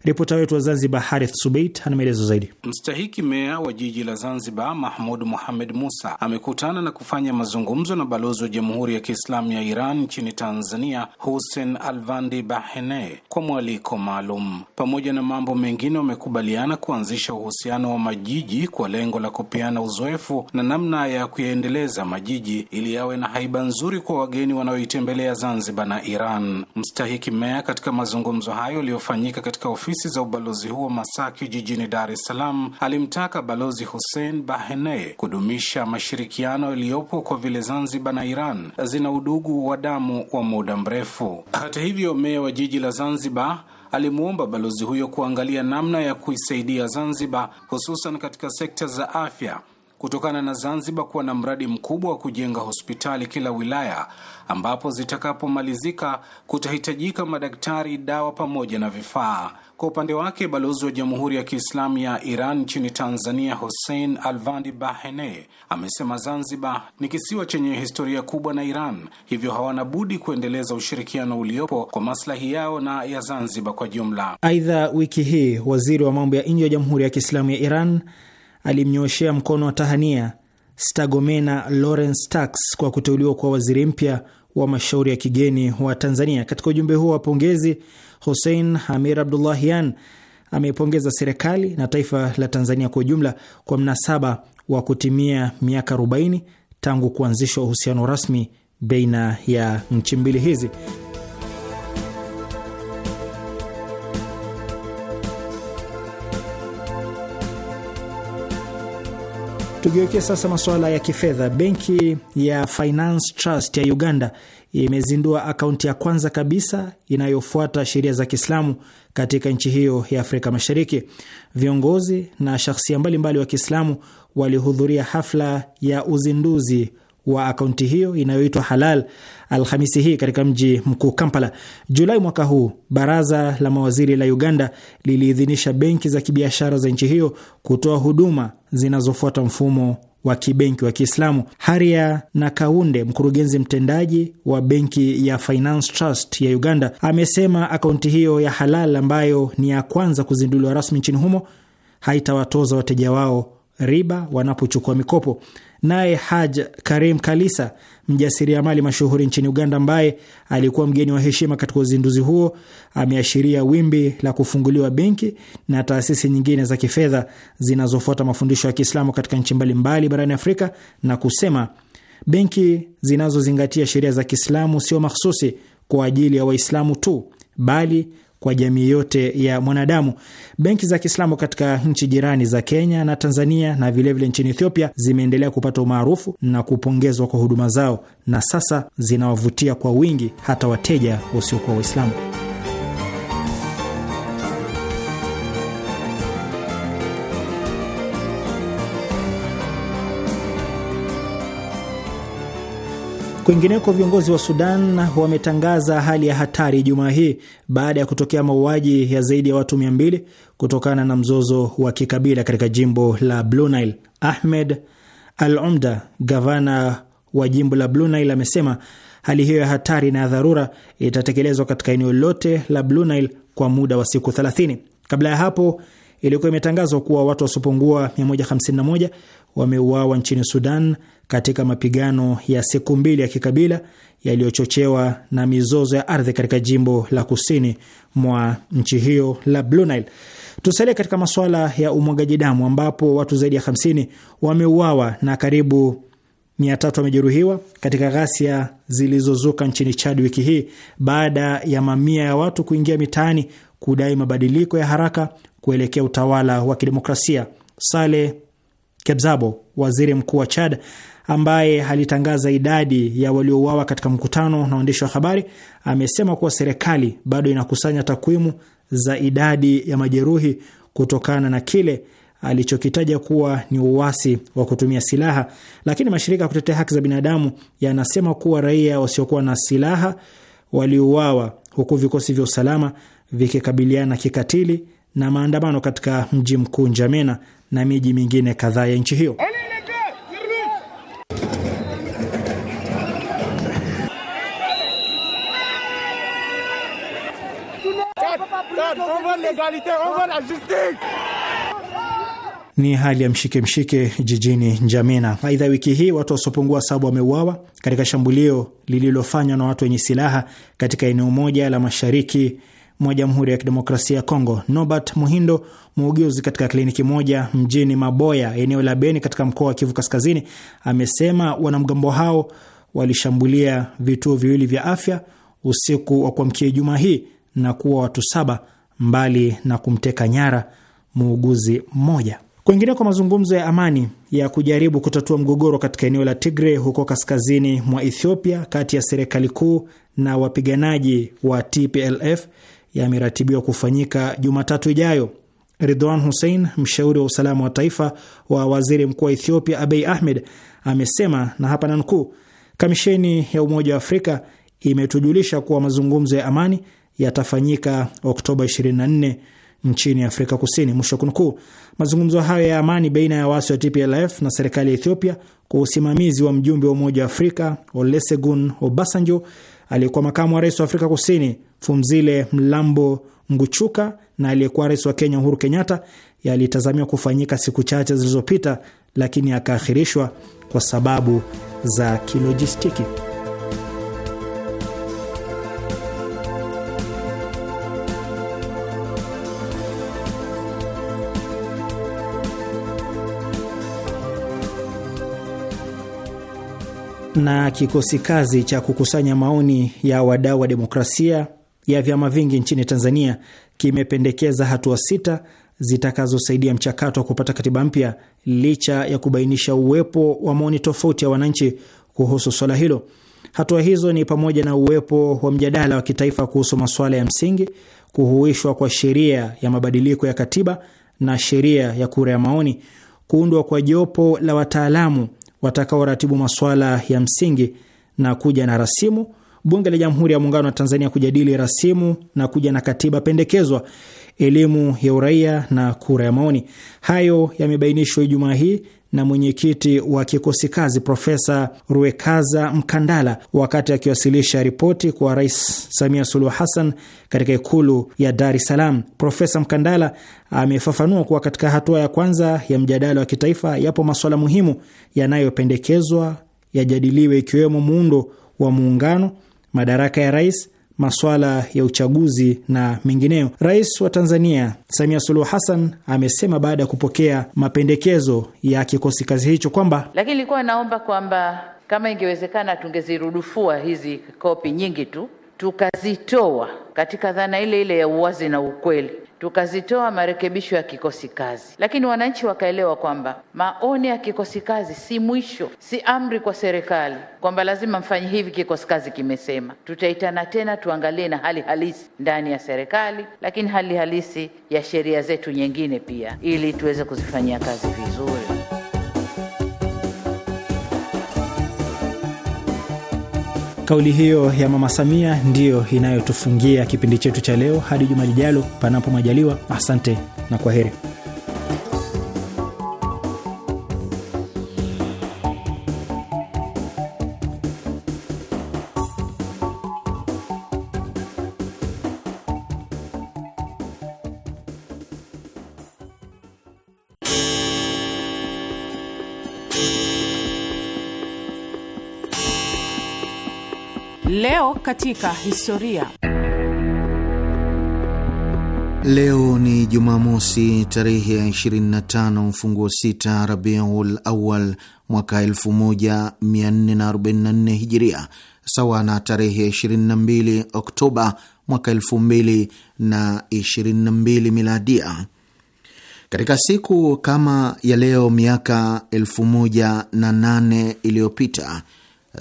Ripota wetu wa Zanzibar, Harith Subeit, ana maelezo zaidi. Mstahiki meya wa jiji la Zanzibar, Mahmud Muhamed Musa, amekutana na kufanya mazungumzo na balozi wa Jamhuri ya Kiislamu ya Iran nchini Tanzania, Hussein Alvandi Bahene, kwa mwaliko maalum. Pamoja na mambo mengine, wamekubaliana kuanzisha uhusiano wa majiji kwa lengo la kupeana uzoefu na namna ya kuyaendeleza majiji ili yawe na haiba nzuri kwa wageni wanaoitembelea Zanzibar na Iran. Mstahiki meya katika mazungumzo hayo yaliyofanyika katika ofisi ofisi za ubalozi huo Masaki jijini Dar es Salaam, alimtaka Balozi Hussein Bahene kudumisha mashirikiano yaliyopo kwa vile Zanzibar na Iran zina udugu wa damu wa muda mrefu. Hata hivyo, meya wa jiji la Zanzibar alimwomba balozi huyo kuangalia namna ya kuisaidia Zanzibar hususan katika sekta za afya kutokana na Zanzibar kuwa na mradi mkubwa wa kujenga hospitali kila wilaya, ambapo zitakapomalizika kutahitajika madaktari, dawa pamoja na vifaa. Kwa upande wake balozi wa Jamhuri ya Kiislamu ya Iran nchini Tanzania, Hussein Alvandi Bahene, amesema Zanzibar ni kisiwa chenye historia kubwa na Iran, hivyo hawana budi kuendeleza ushirikiano uliopo kwa maslahi yao na ya Zanzibar kwa jumla. Aidha, wiki hii waziri wa mambo ya nje wa Jamhuri ya Kiislamu ya Iran alimnyooshea mkono wa tahania Stagomena Lawrence Tax kwa kuteuliwa kwa waziri mpya wa mashauri ya kigeni wa Tanzania. Katika ujumbe huo wa pongezi Hussein Amir Abdullahian ameipongeza serikali na taifa la Tanzania kwa ujumla kwa mnasaba wa kutimia miaka 40 tangu kuanzishwa uhusiano rasmi baina ya nchi mbili hizi. Tugeukie sasa masuala ya kifedha. Benki ya Finance Trust ya Uganda imezindua akaunti ya kwanza kabisa inayofuata sheria za Kiislamu katika nchi hiyo ya Afrika Mashariki. Viongozi na shahsia mbalimbali wa Kiislamu walihudhuria hafla ya uzinduzi wa akaunti hiyo inayoitwa Halal Alhamisi hii katika mji mkuu Kampala. Julai mwaka huu, baraza la mawaziri la Uganda liliidhinisha benki za kibiashara za nchi hiyo kutoa huduma zinazofuata mfumo wa kibenki wa Kiislamu. Haria Nakaunde, mkurugenzi mtendaji wa benki ya Finance Trust ya Uganda, amesema akaunti hiyo ya Halal ambayo ni ya kwanza kuzinduliwa rasmi nchini humo haitawatoza wateja wao riba wanapochukua mikopo. Naye Haj Karim Kalisa, mjasiriamali mashuhuri nchini Uganda, ambaye alikuwa mgeni wa heshima katika uzinduzi huo, ameashiria wimbi la kufunguliwa benki na taasisi nyingine za kifedha zinazofuata mafundisho ya Kiislamu katika nchi mbalimbali barani Afrika na kusema benki zinazozingatia sheria za Kiislamu sio mahsusi kwa ajili ya Waislamu tu bali kwa jamii yote ya mwanadamu. Benki za Kiislamu katika nchi jirani za Kenya na Tanzania na vilevile vile nchini Ethiopia zimeendelea kupata umaarufu na kupongezwa kwa huduma zao, na sasa zinawavutia kwa wingi hata wateja wasiokuwa Waislamu. Kwingineko, viongozi wa Sudan wametangaza hali ya hatari Jumaa hii baada ya kutokea mauaji ya zaidi ya watu 200 kutokana na mzozo wa kikabila katika jimbo la Blue Nile. Ahmed Al Umda, gavana wa jimbo la Blue Nile, amesema hali hiyo ya hatari na ya dharura itatekelezwa katika eneo lote la Blue Nile kwa muda wa siku 30. Kabla ya hapo ilikuwa imetangazwa kuwa watu wasiopungua 151 wameuawa nchini Sudan katika mapigano ya siku mbili ya kikabila yaliyochochewa na mizozo ya ardhi katika jimbo la kusini mwa nchi hiyo la Blue Nile. Tusalie katika masuala ya umwagaji damu ambapo watu zaidi ya 50 wameuawa na karibu 300 wamejeruhiwa katika ghasia zilizozuka nchini Chad wiki hii baada ya mamia ya watu kuingia mitaani kudai mabadiliko ya haraka kuelekea utawala wa kidemokrasia. Sale Kebzabo, waziri mkuu wa Chad, ambaye alitangaza idadi ya waliouawa katika mkutano na waandishi wa habari, amesema kuwa serikali bado inakusanya takwimu za idadi ya majeruhi kutokana na kile alichokitaja kuwa ni uwasi wa kutumia silaha, lakini mashirika ya kutetea haki za binadamu yanasema kuwa raia wasiokuwa na silaha waliuawa huku vikosi vya usalama vikikabiliana kikatili na maandamano katika mji mkuu Njamena na miji mingine kadhaa ya nchi hiyo. droite, on veut l'égalité, on veut la justice. Ni hali ya mshike mshike jijini Njamena. Aidha, wiki hii watu wasiopungua saba wameuawa katika shambulio lililofanywa na watu wenye silaha katika eneo moja la mashariki mwa Jamhuri ya Kidemokrasia ya Kongo. Norbert Muhindo, muuguzi katika kliniki moja mjini Maboya, eneo la Beni katika mkoa wa Kivu Kaskazini, amesema wanamgambo hao walishambulia vituo viwili vya afya usiku wa kuamkia Ijumaa hii na kuwa watu saba mbali na kumteka nyara muuguzi mmoja. Kwengine kwa mazungumzo ya amani ya kujaribu kutatua mgogoro katika eneo la Tigre huko kaskazini mwa Ethiopia kati ya serikali kuu na wapiganaji wa TPLF yameratibiwa kufanyika Jumatatu ijayo. Ridwan Hussein, mshauri wa usalama wa taifa wa waziri mkuu wa Ethiopia Abiy Ahmed, amesema na hapa nanukuu, kamisheni ya Umoja wa Afrika imetujulisha kuwa mazungumzo ya amani yatafanyika Oktoba 24 nchini Afrika Kusini. Mwisho kunukuu. Mazungumzo hayo ya amani baina ya waasi wa TPLF na serikali ya Ethiopia kwa usimamizi wa mjumbe wa Umoja wa Afrika Olusegun Obasanjo, aliyekuwa makamu wa rais wa Afrika Kusini Fumzile Mlambo Nguchuka na aliyekuwa rais wa Kenya Uhuru Kenyatta yalitazamiwa kufanyika siku chache zilizopita, lakini yakaahirishwa kwa sababu za kilojistiki. na kikosi kazi cha kukusanya maoni ya wadau wa demokrasia ya vyama vingi nchini Tanzania kimependekeza hatua sita zitakazosaidia mchakato wa kupata katiba mpya licha ya kubainisha uwepo wa maoni tofauti ya wananchi kuhusu swala hilo. Hatua hizo ni pamoja na uwepo wa mjadala wa kitaifa kuhusu masuala ya msingi, kuhuishwa kwa sheria ya mabadiliko ya katiba na sheria ya kura ya maoni, kuundwa kwa jopo la wataalamu watakaoratibu masuala ya msingi na kuja na rasimu, bunge la Jamhuri ya Muungano wa Tanzania kujadili rasimu na kuja na katiba pendekezwa, elimu ya uraia na kura ya maoni. Hayo yamebainishwa Ijumaa hii na mwenyekiti wa kikosi kazi Profesa Ruekaza Mkandala wakati akiwasilisha ripoti kwa Rais Samia Suluhu Hassan katika Ikulu ya Dar es Salaam. Profesa Mkandala amefafanua kuwa katika hatua ya kwanza ya mjadala wa kitaifa yapo masuala muhimu yanayopendekezwa yajadiliwe, ikiwemo muundo wa muungano, madaraka ya rais maswala ya uchaguzi na mengineyo. Rais wa Tanzania Samia Suluhu Hassan amesema baada ya kupokea mapendekezo ya kikosi kazi hicho kwamba, lakini ilikuwa naomba kwamba kama ingewezekana tungezirudufua hizi kopi nyingi tu tukazitoa katika dhana ile ile ya uwazi na ukweli, tukazitoa marekebisho ya kikosi kazi, lakini wananchi wakaelewa kwamba maoni ya kikosi kazi si mwisho, si amri kwa serikali kwamba lazima mfanye hivi. Kikosi kazi kimesema, tutaitana tena tuangalie na hali halisi ndani ya serikali, lakini hali halisi ya sheria zetu nyingine pia, ili tuweze kuzifanyia kazi vizuri. Kauli hiyo ya Mama Samia ndiyo inayotufungia kipindi chetu cha leo. Hadi juma lijalo, panapo majaliwa. Asante na kwa heri. katika historia. Leo ni Jumamosi tarehe ya 25 mfunguo 6 Rabiul Awal mwaka 1444 Hijiria, sawa na tarehe 22 Oktoba mwaka 2022 Miladia. Katika siku kama ya leo miaka 1008 iliyopita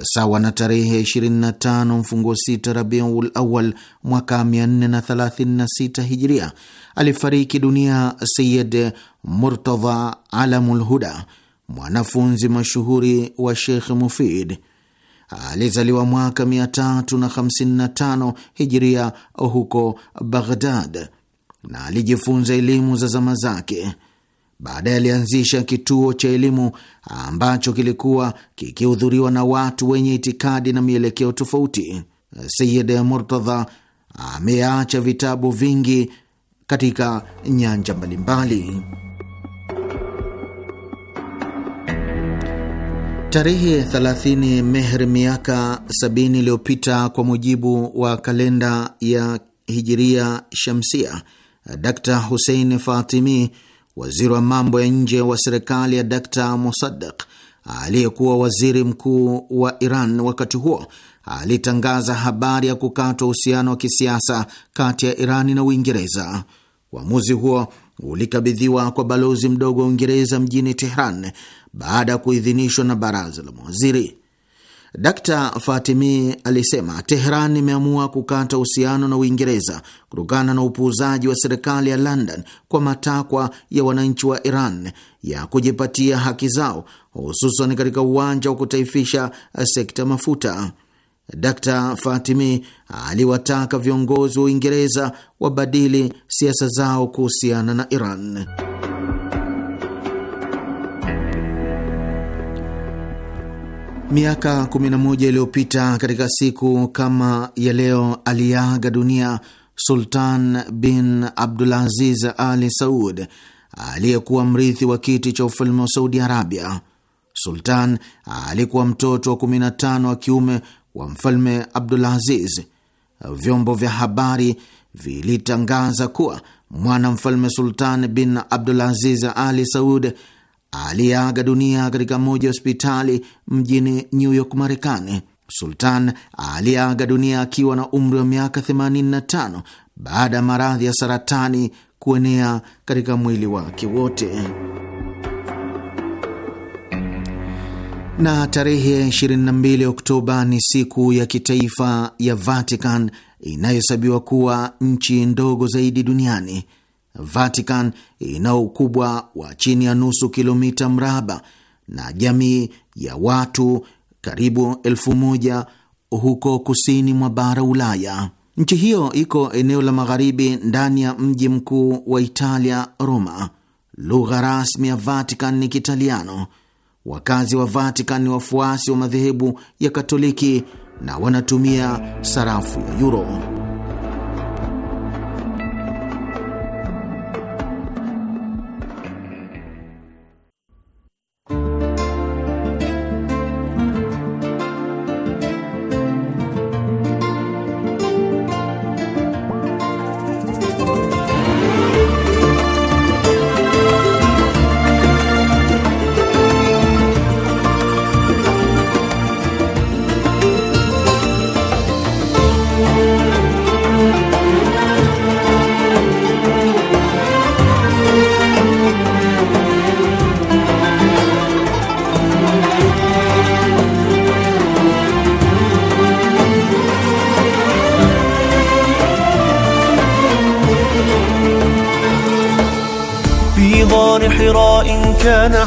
sawa na tarehe 25 mfungo 6 Rabiul Awal mwaka 436 Hijria, alifariki dunia Sayid Murtadha Alamul Huda, mwanafunzi mashuhuri wa Sheikh Mufid. Alizaliwa mwaka 355 Hijria huko Baghdad na alijifunza elimu za zama zake. Baadaye alianzisha kituo cha elimu ambacho kilikuwa kikihudhuriwa na watu wenye itikadi na mielekeo tofauti. Sayid Murtadha ameacha vitabu vingi katika nyanja mbalimbali. Tarehe 30 Mehr miaka 70 iliyopita kwa mujibu wa kalenda ya Hijiria Shamsia, Dr husein Fatimi waziri wa mambo ya nje wa serikali ya Dr Mosaddegh aliyekuwa waziri mkuu wa Iran wakati huo alitangaza habari ya kukatwa uhusiano wa kisiasa kati ya Irani na Uingereza. Uamuzi huo ulikabidhiwa kwa balozi mdogo wa Uingereza mjini Tehran baada ya kuidhinishwa na baraza la mawaziri d Fatimi alisema Tehran imeamua kukata uhusiano na Uingereza kutokana na upuuzaji wa serikali ya London kwa matakwa ya wananchi wa Iran ya kujipatia haki zao, hususan katika uwanja wa kutaifisha sekta mafuta. d Fatimi aliwataka viongozi wa Uingereza wabadili siasa zao kuhusiana na Iran. Miaka 11 iliyopita katika siku kama ya leo aliaga dunia Sultan bin Abdulaziz Ali Saud aliyekuwa mrithi wa kiti cha ufalme wa Saudi Arabia. Sultan alikuwa mtoto wa 15 wa kiume wa mfalme Abdulaziz. Vyombo vya habari vilitangaza kuwa mwana mfalme Sultan bin Abdulaziz Ali Saud aliyeaga dunia katika moja ya hospitali mjini New York, Marekani. Sultan aliyeaga dunia akiwa na umri wa miaka 85 baada ya maradhi ya saratani kuenea katika mwili wake wote. Na tarehe 22 Oktoba ni siku ya kitaifa ya Vatican inayohesabiwa kuwa nchi ndogo zaidi duniani. Vatican ina ukubwa wa chini ya nusu kilomita mraba na jamii ya watu karibu elfu moja huko kusini mwa bara Ulaya. Nchi hiyo iko eneo la magharibi ndani ya mji mkuu wa Italia, Roma. Lugha rasmi ya Vatican ni Kitaliano. Wakazi wa Vatican ni wafuasi wa madhehebu ya Katoliki na wanatumia sarafu ya yuro.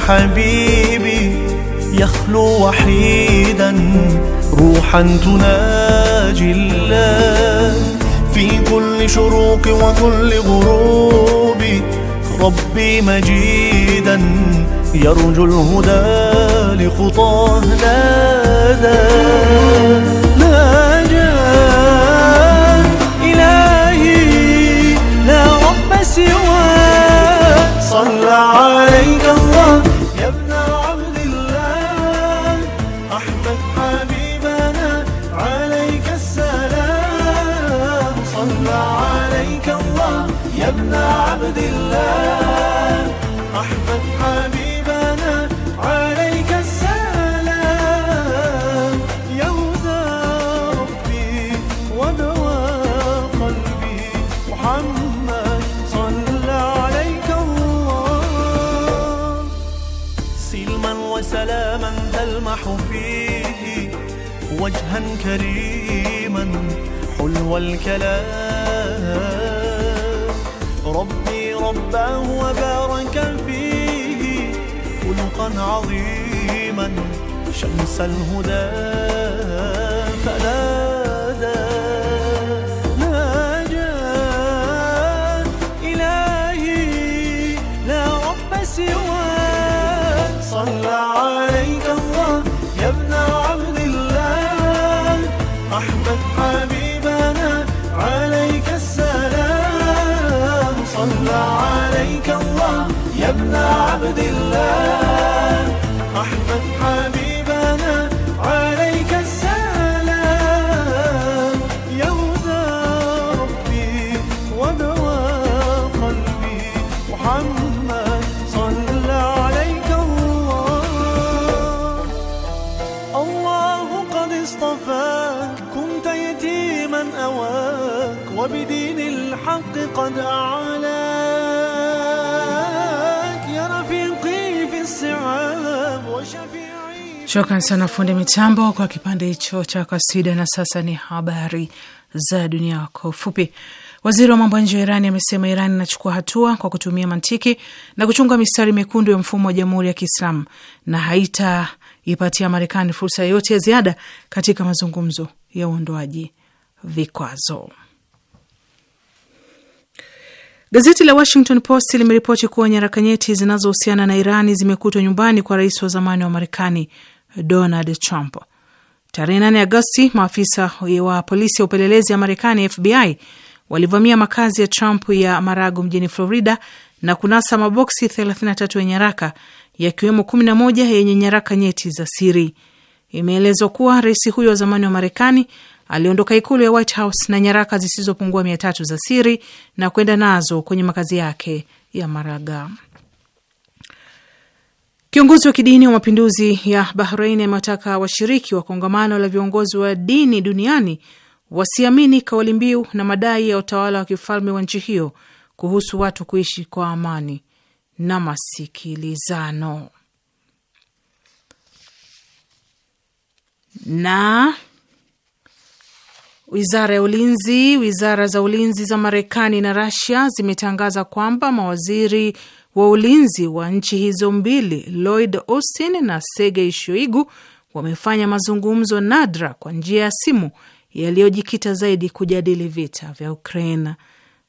حبيبي يخلو وحيدا روحا تناجي الله في كل شروق وكل غروب ربي مجيدا يرجو الهدى لخطاه نادى إلهي لا رب سواه صلى عليك الله كريما حلو الكلام ربي رباه وبارك فيه خلقا عظيما شمس الهدى فلا عبد الله Shukran sana fundi mitambo kwa kipande hicho cha kasida. Na sasa ni habari za dunia kwa ufupi. Waziri wa mambo ya nje wa Irani amesema Iran inachukua hatua kwa kutumia mantiki na kuchunga mistari mekundu ya mfumo wa jamhuri ya Kiislamu na haitaipatia Marekani fursa yoyote ya ziada katika mazungumzo ya uondoaji vikwazo. Gazeti la Washington Post limeripoti kuwa nyaraka nyeti zinazohusiana na Irani zimekutwa nyumbani kwa rais wa zamani wa Marekani Donald Trump. Tarehe 8 Agosti, maafisa wa polisi ya upelelezi ya Marekani, FBI, walivamia makazi ya Trump ya Marago mjini Florida na kunasa maboksi 33 ya nyaraka yakiwemo 11 yenye nyaraka nyeti za siri. Imeelezwa kuwa rais huyo wa zamani wa Marekani aliondoka ikulu ya White House na nyaraka zisizopungua mia tatu za siri na kwenda nazo kwenye makazi yake ya Maraga. Kiongozi wa kidini wa mapinduzi ya Bahrein amewataka washiriki wa kongamano la viongozi wa dini duniani wasiamini kauli mbiu na madai ya utawala wa kifalme wa nchi hiyo kuhusu watu kuishi kwa amani na masikilizano. Na wizara ya ulinzi, wizara za ulinzi za Marekani na Rasia zimetangaza kwamba mawaziri wa ulinzi wa nchi hizo mbili Lloyd Austin na Sergey Shoigu wamefanya mazungumzo nadra kwa njia ya simu yaliyojikita zaidi kujadili vita vya ukrain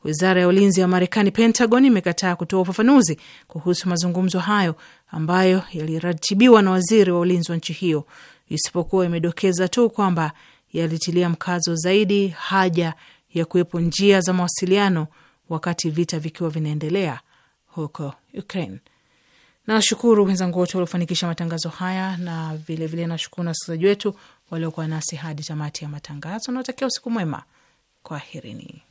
Wizara ya ulinzi ya Marekani, Pentagon, imekataa kutoa ufafanuzi kuhusu mazungumzo hayo ambayo yaliratibiwa na waziri wa ulinzi wa nchi hiyo, isipokuwa imedokeza tu kwamba yalitilia mkazo zaidi haja ya kuwepo njia za mawasiliano wakati vita vikiwa vinaendelea huko Ukraine. Nashukuru wenzangu wote waliofanikisha matangazo haya na vilevile nashukuru na wasikilizaji wetu waliokuwa nasi hadi tamati ya matangazo. Nawatakia usiku mwema, kwaherini.